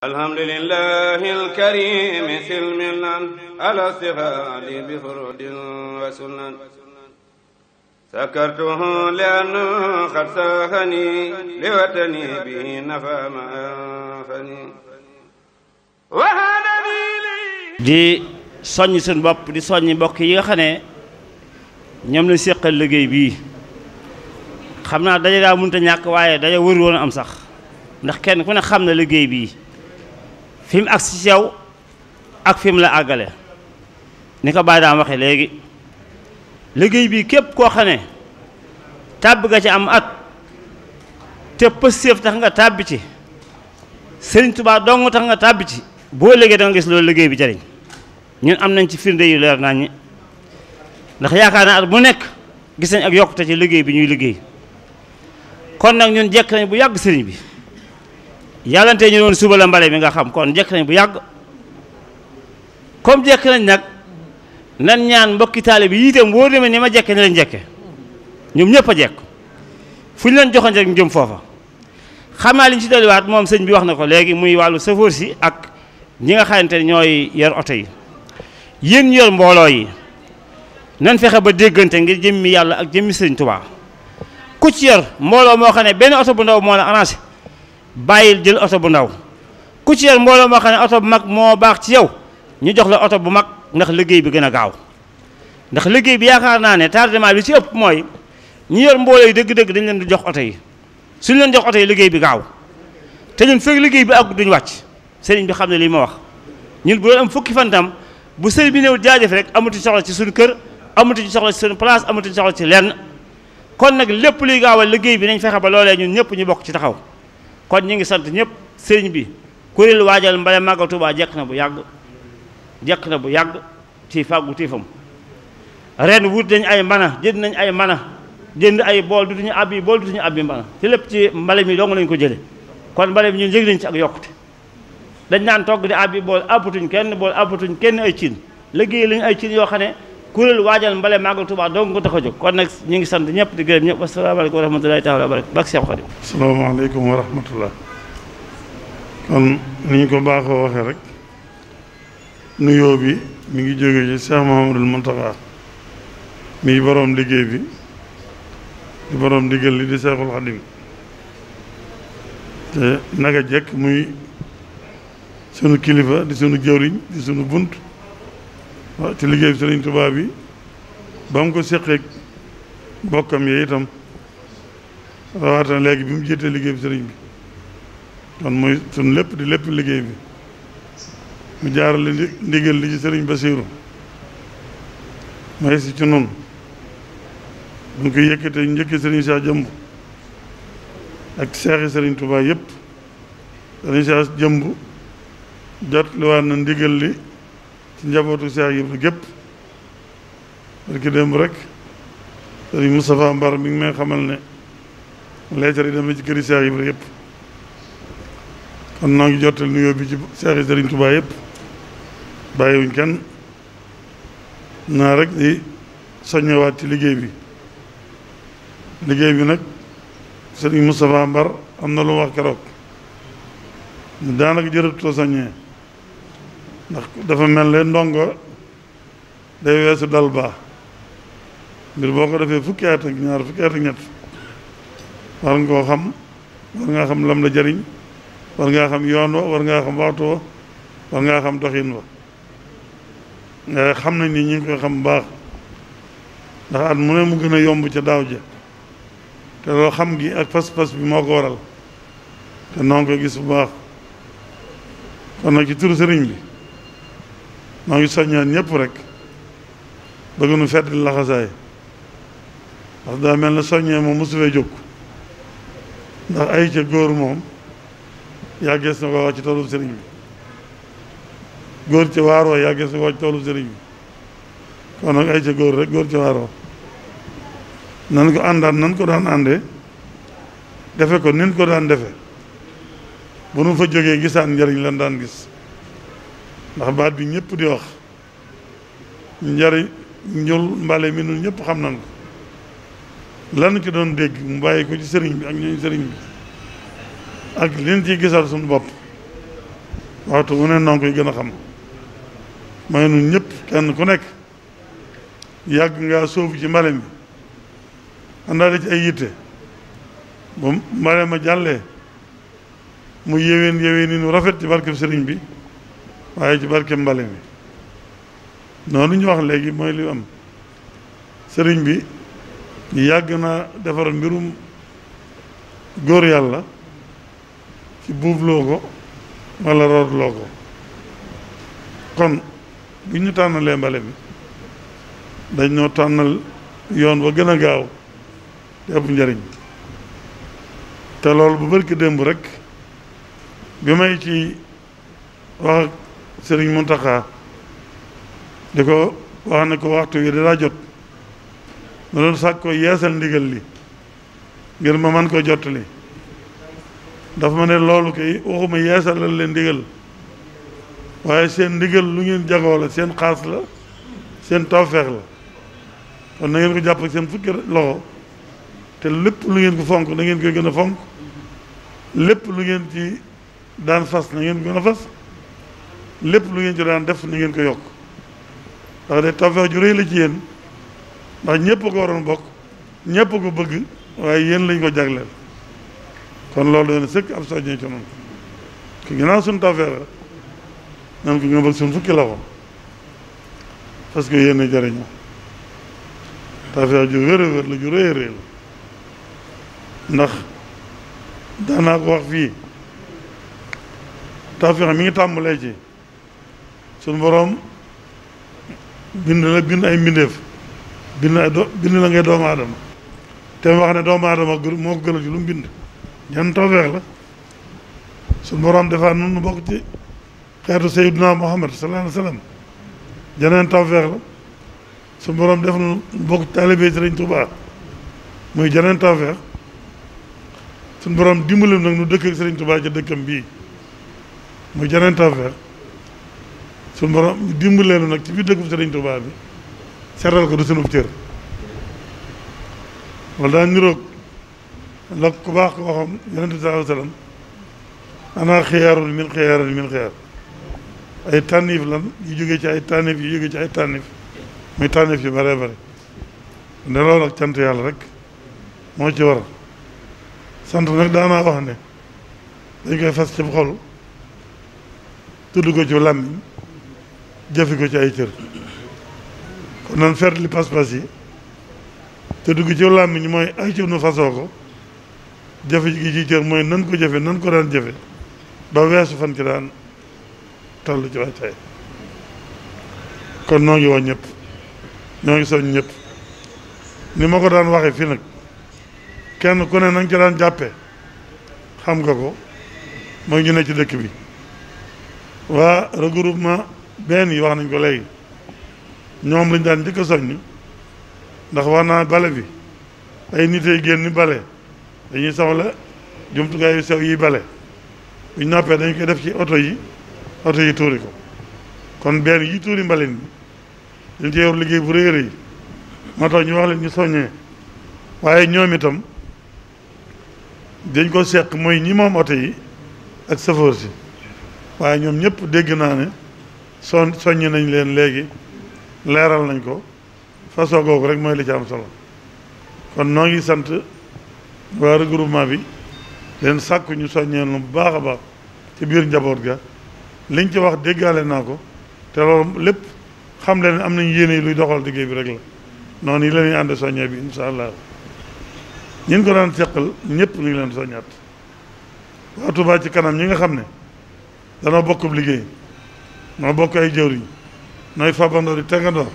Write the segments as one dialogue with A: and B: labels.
A: الحمد لله الكريم سلم على استغال بفرد وسنن سكرته لأنه قد ساخني لوطني به نفى ما أنفني وهذا di soññi seen bopp di soññ mbokk yi nga xam ñoom la séqal liggéey bii xam naa daje daa mënut ñàkk waaye daje wër woon am sax ndax kenn ku ne xam na liggéey bii fi ak agsi ci ak fi la àggale ni ko bàyyi daam waxe léegi liggéey bi képp koo xam ne tàbb nga ci am at te pëstéef tax nga tàbbi ci sëriñ tubaa dong tax nga tàbbi ci boo léegi da nga gis loolu liggéey bi jariñ ñun am nañ ci firnde yu leer nañ ñi ndax yaakaar naa at mu nekk gis nañ ak yokkute ci liggéey bi ñuy liggéey kon nag ñun jekk nañ bu yàgg sëriñ bi yàllantee ñu noonu suba la mbale mi nga xam kon jekk nañ bu yàgg comme jekk nañ nag nan ñaan mbokki taalibe yi itam wóor na ma ni ma jekke ni lañ jekke ñoom ñëpp a jekk fu ñu leen joxoon rek ñu jëm foofa xamaa li ñu ci dolliwaat moom sëñ bi wax na ko léegi muy wàllu sëfoor si ak ñi nga xamante ne ñooy yor oto yi yéen yor mbooloo yi nan fexe ba déggante ngir jëmmi yàlla ak jëmmi sëñ Tuubaa ku ci yor mbooloo moo xam ne benn oto bu ndaw moo la arrangé bàyyil jël oto bu ndaw ku ci yor mbooloo moo xam ne oto bu mag moo baax ci yow ñu jox la oto bu mag ndax liggéey bi gën a gaaw ndax liggéey bi yaakaar naa ne tardement bi ci ëpp mooy ñu yor mbooloo dëgg-dëgg dañu leen di jox oto yi suñu leen jox oto yi liggéey bi gaaw te ñun fekk liggéey bi àgg duñ wàcc sëriñ bi xam ne lii ma wax ñun bu doon am fukki fantam bu sëriñ bi néew jaajëf rek amatuñ soxla ci suñu kër amatuñu soxla ci suñu place amatuñ ci lenn kon nag lépp luy gaawal liggéey bi nañ fexe ba loolee ñun ñëpp ñu bokk ci taxaw kon ñu ngi sant ñëpp sëriñ bi kuréel waajal mbale màggal Tuubaa jekk na bu yàgg jekk na bu yàgg ci fàggu tiifam ren wut nañ ay mana jënd nañ ay mana jënd ay bool dutuñu abbi bool dutuñu abbi mana ci lépp ci mbale mi dong lañ ko jële kon mbale mi ñu yëg nañ ci ak yokkute dañ naan togg di abbi bool àppatuñ kenn bool àppatuñ kenn ay cin liggéey lañ ay cin yoo xam ne kuréel waajal mbale màggal Tuubaa dong ko tax a jóg kon nag ñu ngi sant ñëpp di gërëm ñëpp asalaamaaleykum wa rahmatulahi taala
B: kon ni ñu ko baaxoo waxee rek nuyoo bi mu ngi jóge ci Seex Mahamadul Muntaxa mi boroom liggéey bi di boroom diggal li di Seexul Xaadim te naka jekk muy sunu kilifa di sunu jëwriñ di sunu bunt waaw ah, ci liggéey bi sëriñ Tuubaa bi ba mu ko séqeeg bokkam yee itam rawatina léegi bi mu jiitee liggéey bi sëriñ bi kon mooy suñ lépp di lépp liggéey bi mu jaarale ndigal li ci sëriñ Basiiru may si ci noonu bu ñu koy yëkkatee njëkki sëriñ Cheikh Jëmb ak seexi sëriñ Tuubaa yëpp sëriñ Cheikh Jëmb jot li waat na ndigal li ci njabootu Cheikh Ibra gépp barki démb rek sëriñ Moustapha Mbar mi ngi may xamal ne leetar yi dem na ci këri Cheikh Ibra yëpp kon naa ngi jottal nuyoo bi ci Cheikh Sëriñ yëpp bàyyiwuñ kenn naa rek di soññewaat ci liggéey bi liggéey bi nag sëriñ Moustapha Mbar am na lu wax keroog daanaka jërëtutoo soññee ndax dafa mel ndongo day weesu dal baa mbir boo ko defee fukki at ak ñaar fukki at ak ñett war nga xam war ngaa xam lam la jëriñ war ngaa xam yoon wa war ngaa xam waxtu wa war ngaa xam doxin wa nga xam nañ ni ñu ngi koy xam baax ndax at mu ne mu gën a yomb ca daaw ja te loo xam gi ak pas-pas bi moo ko waral te noonu ko gis bu baax kon nag ci turu sëriñ bi maa ngi soññaan rek bëgg nu fedd laxasaay ndax mel na soññee moom mosu jóg ndax ay ca góor moom yàggees na ko wax ci toolu sëriñ bi góor ci waaroo yàggees na ko wax ci toolu sëriñ bi kon nag ay ca góor rek góor ci waaroo nan ko àndaat nan ko daan àndee defe ko nin ko daan defe bu nu fa jógee gisaan njëriñ lan daan gis ndax baat bi ñëpp di wax njariñ ñul mbale mi nun ñëpp xam nan ko lan ci doon dégg mu bàyyi ko ci sëriñ bi ak ñooñ sëriñ bi ak leen ciy gisal sunu bopp waxtu mu ne koy gën a xam mooy nun ñëpp kenn ku nekk yàgg ngaa sóobu ci mbale mi àndaale ci ay yitte ba mbale ma jàllee mu yéwén yéwén nu rafet ci barkeb sëriñ bi waaye ci barke mbale mi noonu ñu wax léegi mooy li am sëriñ bi yàgg na defar mbirum góor yàlla ci buub loo ko wala root loo ko kon bu ñu tànnalee mbale mi dañ ñoo tànnal yoon ba gën a gaaw te ëpp njëriñ te loolu bu barki démb rek bi may ci wax sëriñ Muntaxa di ko wax ne ko waxtu wi da daa jot ma doon sàkk ko yeesal ndigal li ngir ma man ko jottali dafa ma ne loolu kay waxuma yeesalal leen ndigal waaye seen ndigal lu ngeen jagoo la seen xaas la seen tawfeex la kon na ko jàpp seen fukki loxo te lépp lu ngeen ko fonk na ngeen koy gën a fonk lépp lu ngeen ci daan fas na ngeen ko gën a fas lépp lu ngeen ci daan def ni ngeen ko yokk ndax de tawfeex ju rëy la ci yéen ndax ñëpp ko waroon bokk ñëpp ko bëgg waaye yéen lañ ko jagleel kon loolu doon sëkk ab soññee ci noonu ko ginnaaw suñu tawfeex la nga bëgg suñu fukki loxo parce que yéen a jëriñu tawfeex ju wér wér la ju rëy a rëy la ndax daanaa ko wax fii tawfeex mi ngi tàmbalee ci suñu boroom bind la bind ay mbindeef bind ay do bind la ngay doomu aadama te mu wax ne doomu aadama moo ko gënal ci lu mu bind ñan tawfeex la suñu boroom defaat nun nu bokk ci xeetu Seydina Muhammad sallallahu alayhi wa sallam janeen def nu bokk ci taalibe Sëriñ Tuubaa muy janeen tawfeex suñu boroom dimbalim nag nu dëkk ak Sëriñ Tuubaa ca dëkkam bii muy janeen tawfeex suñu borom dimbaleenu nag ci biir dëkk bi Sëriñ Tuubaa bi seetal ko du sunub cër wala daa niroog la ku baax ko waxam yonente bi sallallahu alayhi wa sallam ana xiyaarun min xiyaarin min xiyaar ay tànnif lan yu jógee ci ay tànnif yu jógee ci ay tànnif muy tànnif yu bëree bëri ne loolu cant yàlla rek moo ci war a sant nag daanaa wax ne dañ koy fas ci xol tudd ko ci làmmiñ jëfe ko ci ay cër kon nan fer li pas yi te dugg ci làmmiñ mooy ay cër nu fasoo ko jëfe gi ci cër mooy nan ko jëfe nan ko daan jëfe ba weesu fan ci daan toll ci waajtaay kon noo ngi woo ñëpp ñoo ngi soññ ñëpp ni ma ko daan waxe fii nag kenn ku ne na nga daan jàppee xam nga ko mooy ñu ci dëkk bi waa regroupement benn yi wax nañ ko léegi ñoom lañ daan njëkk a soññ ndax wax naa bale bi ay nit ay génn bale dañuy soxla jumtukaay yu sew yi bale yu ñu noppee dañ koy def ci oto yi oto yi tuuri ko kon benn yi tuuri mbalin bi dañ ci yor liggéey bu réy ñu wax leen ñu soññee waaye ñoom itam dañ ko seq mooy ñi moom oto yi ak sëfoor si waaye ñoom ñëpp dégg naa ne son soññ nañ leen léegi leeral nañ ko façon googu rek mooy li ci am solo kon noo ngi sant waa regroupement bi leen sàkku ñu soññee bu baax a baax ci biir njaboot ga liñ ci wax déggaale naa ko te loolu lépp xam leen am nañ yéene luy doxal liggéey bi rek la noonu yi la ñuy ànd soññee bi incha allah ñin ko daan seqal ñëpp ñu leen soññaat waa Touba ci kanam ñi nga xam ne danoo bokkub liggéey noo bokk ay jëwriñ nooy fabandoo di tegandoo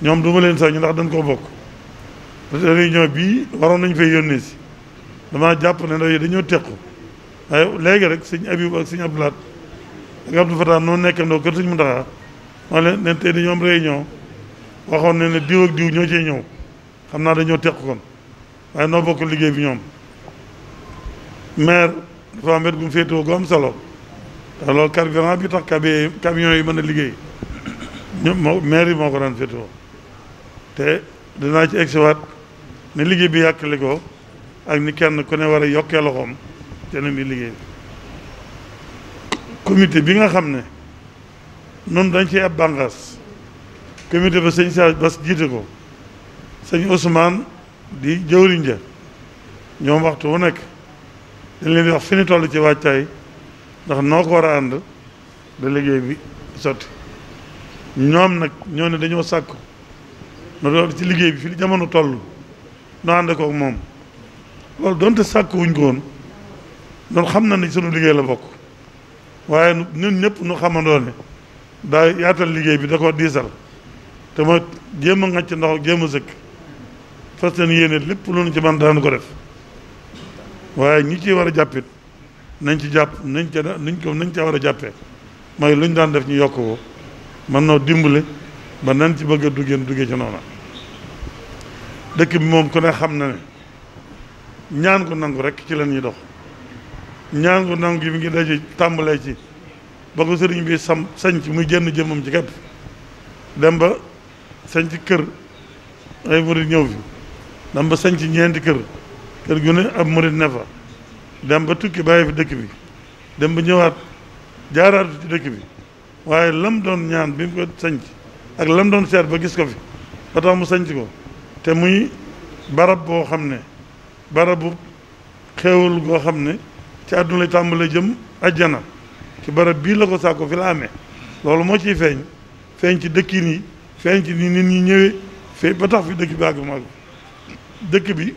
B: ñoom du ma leen sañ ndax dañ koo bokk réunion bii waroon nañ fay yónnee si dama jàpp ne ndaw yi dañoo tequ waaye léegi rek sëñ Abibu ak sëñ Abdulaat ak Abdou Fatah noo nekkandoo kër sëñ Muntaxa ma leen ne tey dañoo am réunion waxoon ne ne diw ak diw ñoo cee ñëw xam naa dañoo teq kon waaye noo bokk liggéey bi ñoom maire dafa am wet gu mu féetewoo gu am solo te loolu carburant bi tax cabi camions yi mën a liggéey ñoom moo mairie moo ko daan féetewoo te dinaa ci egsiwaat ne liggéey bi yàqali ko ak ni kenn ku ne war a yokkee loxoom teneen bi liggéey comité bi nga xam ne noonu dañ ciy ab bànqaas comité ba sëñ Sa Bass jiite ko sëñ Ousmane di jëwriñ ja ñoom waxtu wu nekk dañ leen di wax fi ñu toll ci wàccaay ndax noo ko war a ànd da liggéey bi sotti ñoom nag ñoo ne dañoo sàkku na doon ci liggéey bi fii li jamono toll noo ànd kook moom loolu donte sàkk wuñ ko woon loolu xam na ni sunu liggéey la bokk waaye ñun ñëpp nu xamandoo ne daa yaatal liggéey bi da koo diisal te ma jéem a ŋàcc ndox ak jéem a sëkk fas yéene lépp lu nu ci man ko def waaye ñi ciy war a jàppit nañ ci jàpp nañ ca nañ ko nañ ca war a jàppee mooy luñ ñu daan def ñu yokk ko mën noo dimbale ba nañ ci bëgg a duggee duggee ci noona dëkk bi moom ku xam na ne ñaan ko nangu rek ci la ñuy dox ñaan ko nangu yi mi ngi daje tàmbalee ci ba ko sëriñ bi sam sañc muy génn jëmmam ci képp dem ba sañc kër ay murit ñëw fi dem ba sañc ñeenti kër kër gu ne ab murit ne fa dem ba tukki bàyyi fi dëkk bi dem ba ñëwaat jaaraatu ci dëkk bi waaye lam doon ñaan bi mu ko sanc ak lam doon seet ba gis ko fi ba tax mu sanc ko te muy barab boo xam ne barabu xéewal goo xam ne ci àdduna lay tàmbale jëm ajjana ci barab bii la ko sàkko fi la amee loolu moo ciy feeñ feeñ ci dëkkin yi feeñ ci ni nit ñi ñëwee fee ba tax fi dëkk bi àgg maag dëkk bi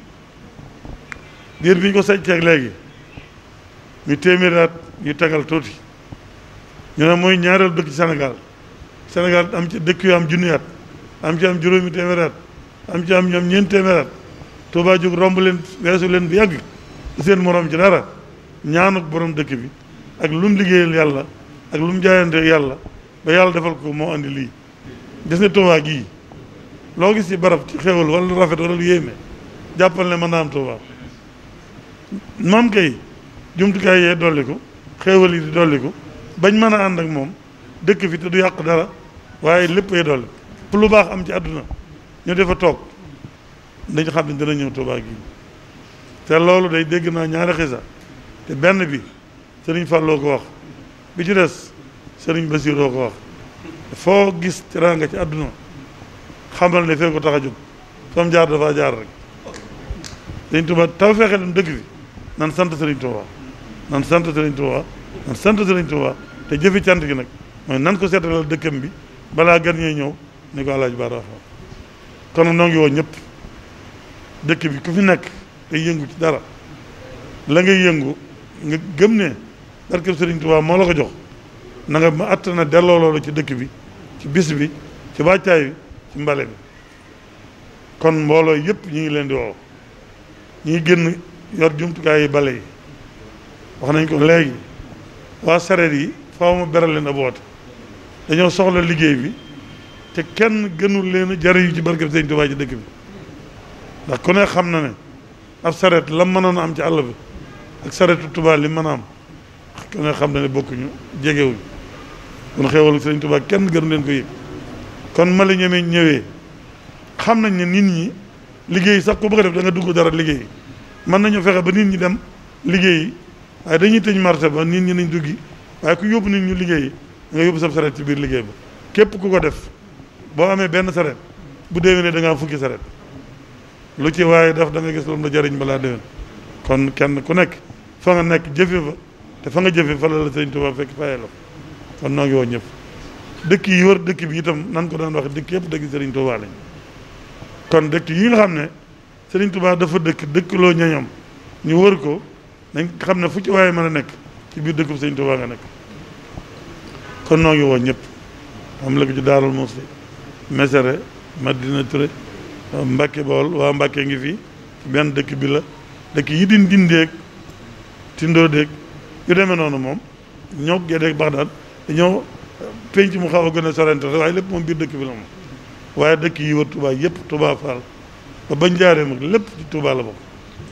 B: diir bi ñu ko sañceeg léegi muy téeméeri at yu tegal tuuti ñu ne mooy ñaareel dëkk ci Sénégal Sénégal am ci dëkk yu am junni at am ci am juróomi téeméeri am ci am ñoom ñeent téeméeri at jóg romb leen weesu leen bu yàgg seen morom ci dara ñaanu borom dëkk bi ak lu mu liggéeyal yàlla ak lu mu jaayante yàlla ba yàlla defal ko moo andi lii gis nga Touba gii loo gis ci barab ci xewal wala lu rafet wala lu yéeme jàppal ne mën naa am Touba maam kay jumtukaay yee dolliku xéewal yi di dolliku bañ mën a ànd ak moom dëkk fi te du yàq dara waaye léppay dolli pour lu baax am ci àdduna ñu a toog dañ xam ne dina ñëw Tuubaa gi te loolu day dégg naa ñaari xisa te benn bi sëriñ Falloo ko wax bi ci des sëriñ Basiiroo ko wax foo gis nga ci àdduna xamal ne fee ko tax a jóg fam jaar dafaa jaar rek dañ Tuubaa taw fexe dem dëkk fi nan sant sëriñ Tuubaa nan sant Sëriñ Tuuba nan sant Sëriñ Tuuba te jëfi cant gi nag mooy nan ko seetalal dëkkam bi balaa gan ñuy ñëw ni ko alaaj Bara Fall kon noo ngi woo ñëpp dëkk bi ku fi nekk te yëngu ci dara la ngay yëngu nga gëm ne barkeb Sëriñ Tuuba moo la ko jox na nga ma att na delloo loolu ci dëkk bi ci bis bi ci wàccaay bi ci mbale bi kon mbooloo yëpp ñu ngi leen di woo ñu ngi génn yor jumtukaay yi bale yi wax nañ ko léegi waa sareet yi faaw ma beral leen ab woote dañoo soxla liggéey bi te kenn gënul leen jariñu ci barkeb Sëñ Tuubaa ci dëkk bi ndax ku xam na ne ab sareet la mënoon a am ci àll bi ak sareetu Tuubaa li mën a am ku xam na ne bokkuñu jegewuñu kon xéewalu Sëñ Tuubaa kenn gënu leen ko yëg kon ma la ñemee ñëwee xam nañ ne nit ñi liggéey sax ko bëgg a def da nga dugg dara liggéey mën nañu fexe ba nit ñi dem liggéey waaye dañuy tëj marché ba nit ñi nañ duggi waaye ku yóbbu nit ñu liggéey nga yóbbu sa saret ci biir liggéey ba képp ku ko def boo amee benn saret bu déwénee da ngaa fukki saret lu ci waaye daf da nga gis loolu la jariñ balaa déwén kon kenn ku nekk fa nga nekk jëfe fa te fa nga jëfe fa la la sëñ Tuubaa fekk fayee la kon noo ngi woo ñëpp dëkk yi wër dëkk bi itam nan ko daan wax dëkk yëpp dëkk sëriñ Tuubaa lañ kon dëkk yi nga xam ne sëriñ Tuubaa dafa dëkk dëkk loo ñañam ñu wër ko dañ xam ne fu ci waaye mën a nekk ci biir dëkk bi sëñ Tuubaa nga nekk kon noo ngi woo ñëpp am la ko ci Daarul Musti Mesere Madina Touré Mbacke Bawol waa Mbacke ngi fii benn dëkk bi la dëkk yi di Ndindeeg Tindoodeeg yu demee noonu moom ñoo Gédeeg Baxdaad dañoo penc mu xaw a gën a sorante waaye lépp moom biir dëkk bi la moom waaye dëkk yi wër Touba yëpp Touba Fall ba bañ jaaree mag lépp ci Touba la bokk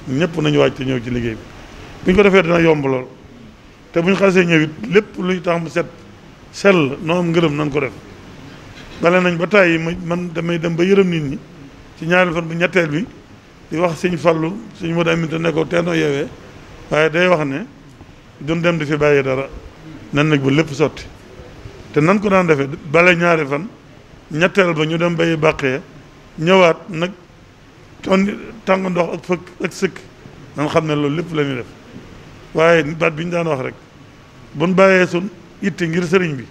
B: ñëpp nañu wàcc ñëw ci liggéey bi bu ñu ko defee dana yomb lool te bu ñu xasee ñëw it lépp luy tax mu set sell noo am ngërëm nan ko def dale nañ ba tàyyi ma man damay dem ba yërëm nit ñi ci ñaari fan bu ñetteel bi di wax sëñ Fallu sëñ Modou Aminta ne ko teenoo yeewee waaye day wax ne duñ dem di fi bàyyi dara nan nag bu lépp sotti te nan ko daan defee bale ñaari fan ñetteel ba ñu dem bay bàqee ñëwaat nag ton tàng ndox ak fëkk sëkk nan xam ne loolu lépp la ñuy def waaye baat bi ñu daan wax rek buñ bàyyee sun itti ngir sëriñ bi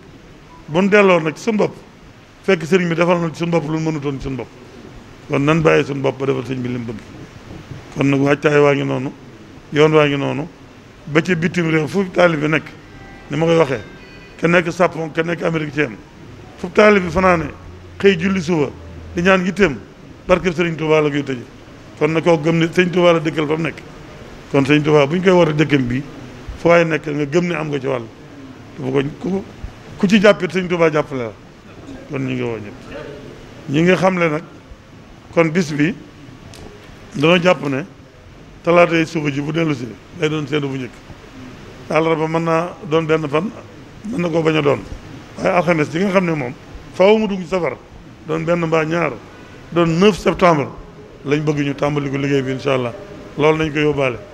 B: buñ delloo nag ci suñ bopp fekk sëriñ bi defal na ci suñ bopp lu mënutoon ci suñ bopp kon nan bàyyi suñ bopp ba defal sëriñ bi li bëgg kon nag waajtaay waa ngi noonu yoon waa ngi noonu ba ci bitim réew fu taalibe bi nekk ma koy waxee nekk Japon ka nekk am fu taalibe bi fanaane xëy julli suba di ñaan yitteem barke sëriñ Touba la koy kon na koo gëm ne sëriñ Touba la dëkkal fa mu nekk kon sëñ Tuubaa bu ñu koy war a dëkkam bi foo waaye nekk nga gëm ne am nga ci wàll dafa ko ku ci jàppit sëñ Tuubaa jàppale la kon ñu ngi woo ñëpp ñi nga xam le nag kon bis bi dañoo jàpp ne talaata yi suba ji bu dellu si day doon seenu bu njëkk ba mën naa doon benn fan mën na koo bañ a doon waaye alxames yi nga xam ne moom faaw mu dugg safar doon benn mbaa ñaar doon 9 septembre lañ bëgg ñu tàmbali ko liggéey bi incha allah loolu nañ ko yóbbaale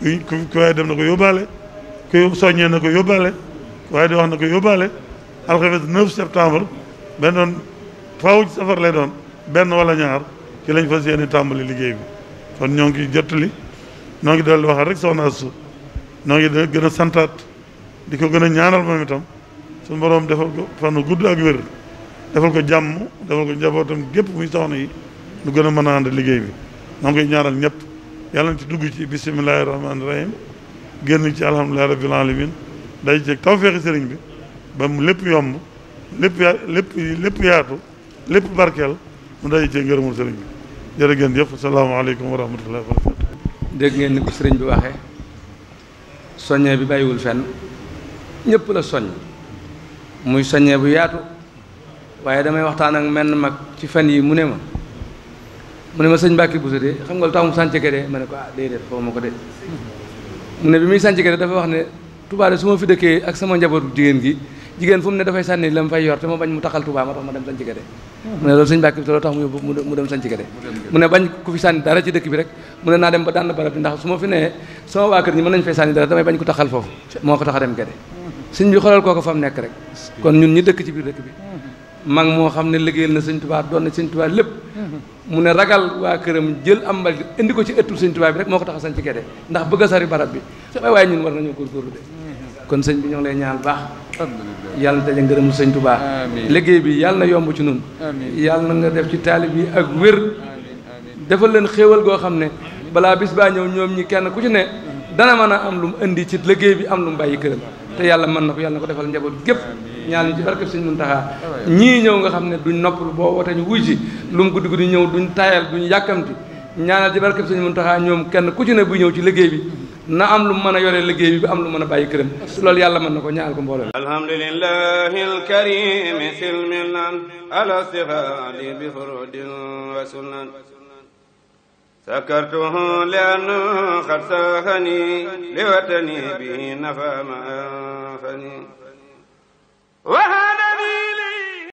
B: ku ku waaye dem na ko yóbbaale ku soññee na ko yóbbaale waaye di wax na ko yóbbaale alxames 9 septembre benn doon faaw ci doon benn wala ñaar ci lañ fas yéene tàmbali liggéey bi kon ñoo ngi jottali ñoo ngi dalal waxal rek soxna su ñoo ngi gën a santaat di ko gën a ñaanal moom itam suñu boroom defal ko fanu gudd ak wér defal ko jàmm defal ko njabootam gépp muy soxna yi lu gën a mën a ànd liggéey bi ñoo ngi koy ñaanal ñëpp yàlla na ci dugg ci bisimilahi rahmaani rahim génn ci alhamdulilahi rabbil alamin day ci tawféexi sëriñ bi ba mu lépp yomb lépp lépp lépp yaatu lépp barkeel mu day ci ngërëmul sëriñ bi jërë ngeen yëpp salaamaaleykum wa rahmatullahi dégg ngeen ni ko sëriñ bi waxee soññee bi bàyyiwul fenn ñëpp la soññ
C: muy soññee bu yaatu waaye damay waxtaan ak menn mag ci fan yi mu ne ma mu ne ma sëñ Mbacke Bousso de xam nga lu tax mu sànc Kede ma ne ko ah déedéet foofu ma ko de mu ne bi muy sànc Kede de gi jigéen fu mu ne dafay sànni la mu fay yor te ma bañ mu taxal Touba ma tax ma dem ne loolu sëñ ba dànn barab bi ndax su ma fi nee sama waa kër ñi mën nañ fay sànni dara damay bañ ko taxal foofu moo ko tax a dem Kede sëñ bi xoolal kooko fa mu nekk rek kon ñun ñi dëkk ci biir dëkk bi mag moo xam ne liggéeyal na sëñ Tuubaa doon na sëñ Tuubaa lépp mu ne ragal waa këram jël am mbalit indi ko ci ëttu sëñ Tuubaa bi rek moo ko tax a sañ ci gede ndax bëgg sari barab bi waaye waaye ñun war nañoo góorgóorlu de kon sëñ bi ñoo ngi lay ñaan baax yàlla na daje ngërëm sëñ Tuubaa liggéey bi yàlla na yomb ci nun yàlla na nga def ci taalib yi ak wér defal leen xéewal goo xam ne balaa bis baa ñëw ñoom ñi kenn ku ci ne mm-hmm. dana mën a am lu mu indi ci liggéey bi am lu mu bàyyi te yàlla mën na ko yàlla na ko defal njaboot gépp ñaan ci barkeb sëñ Muntaxa ñii ñëw nga xam ne duñ noppalu boo wootee ñu wuy si lu mu guddi guddi ñëw duñ tayal duñ yàkkamti ñaanal ci barkeb sëñ Muntaxa ñoom kenn ku ci ne bu ñëw ci liggéey bi na am lu mën a yore liggéey bi am lu mën a bàyyi këram loolu yàlla mën na ko ñaanal ko mbooloo
A: شكرته لأنه قد ساخني لوطني به نفى ما أنفني وهذا لي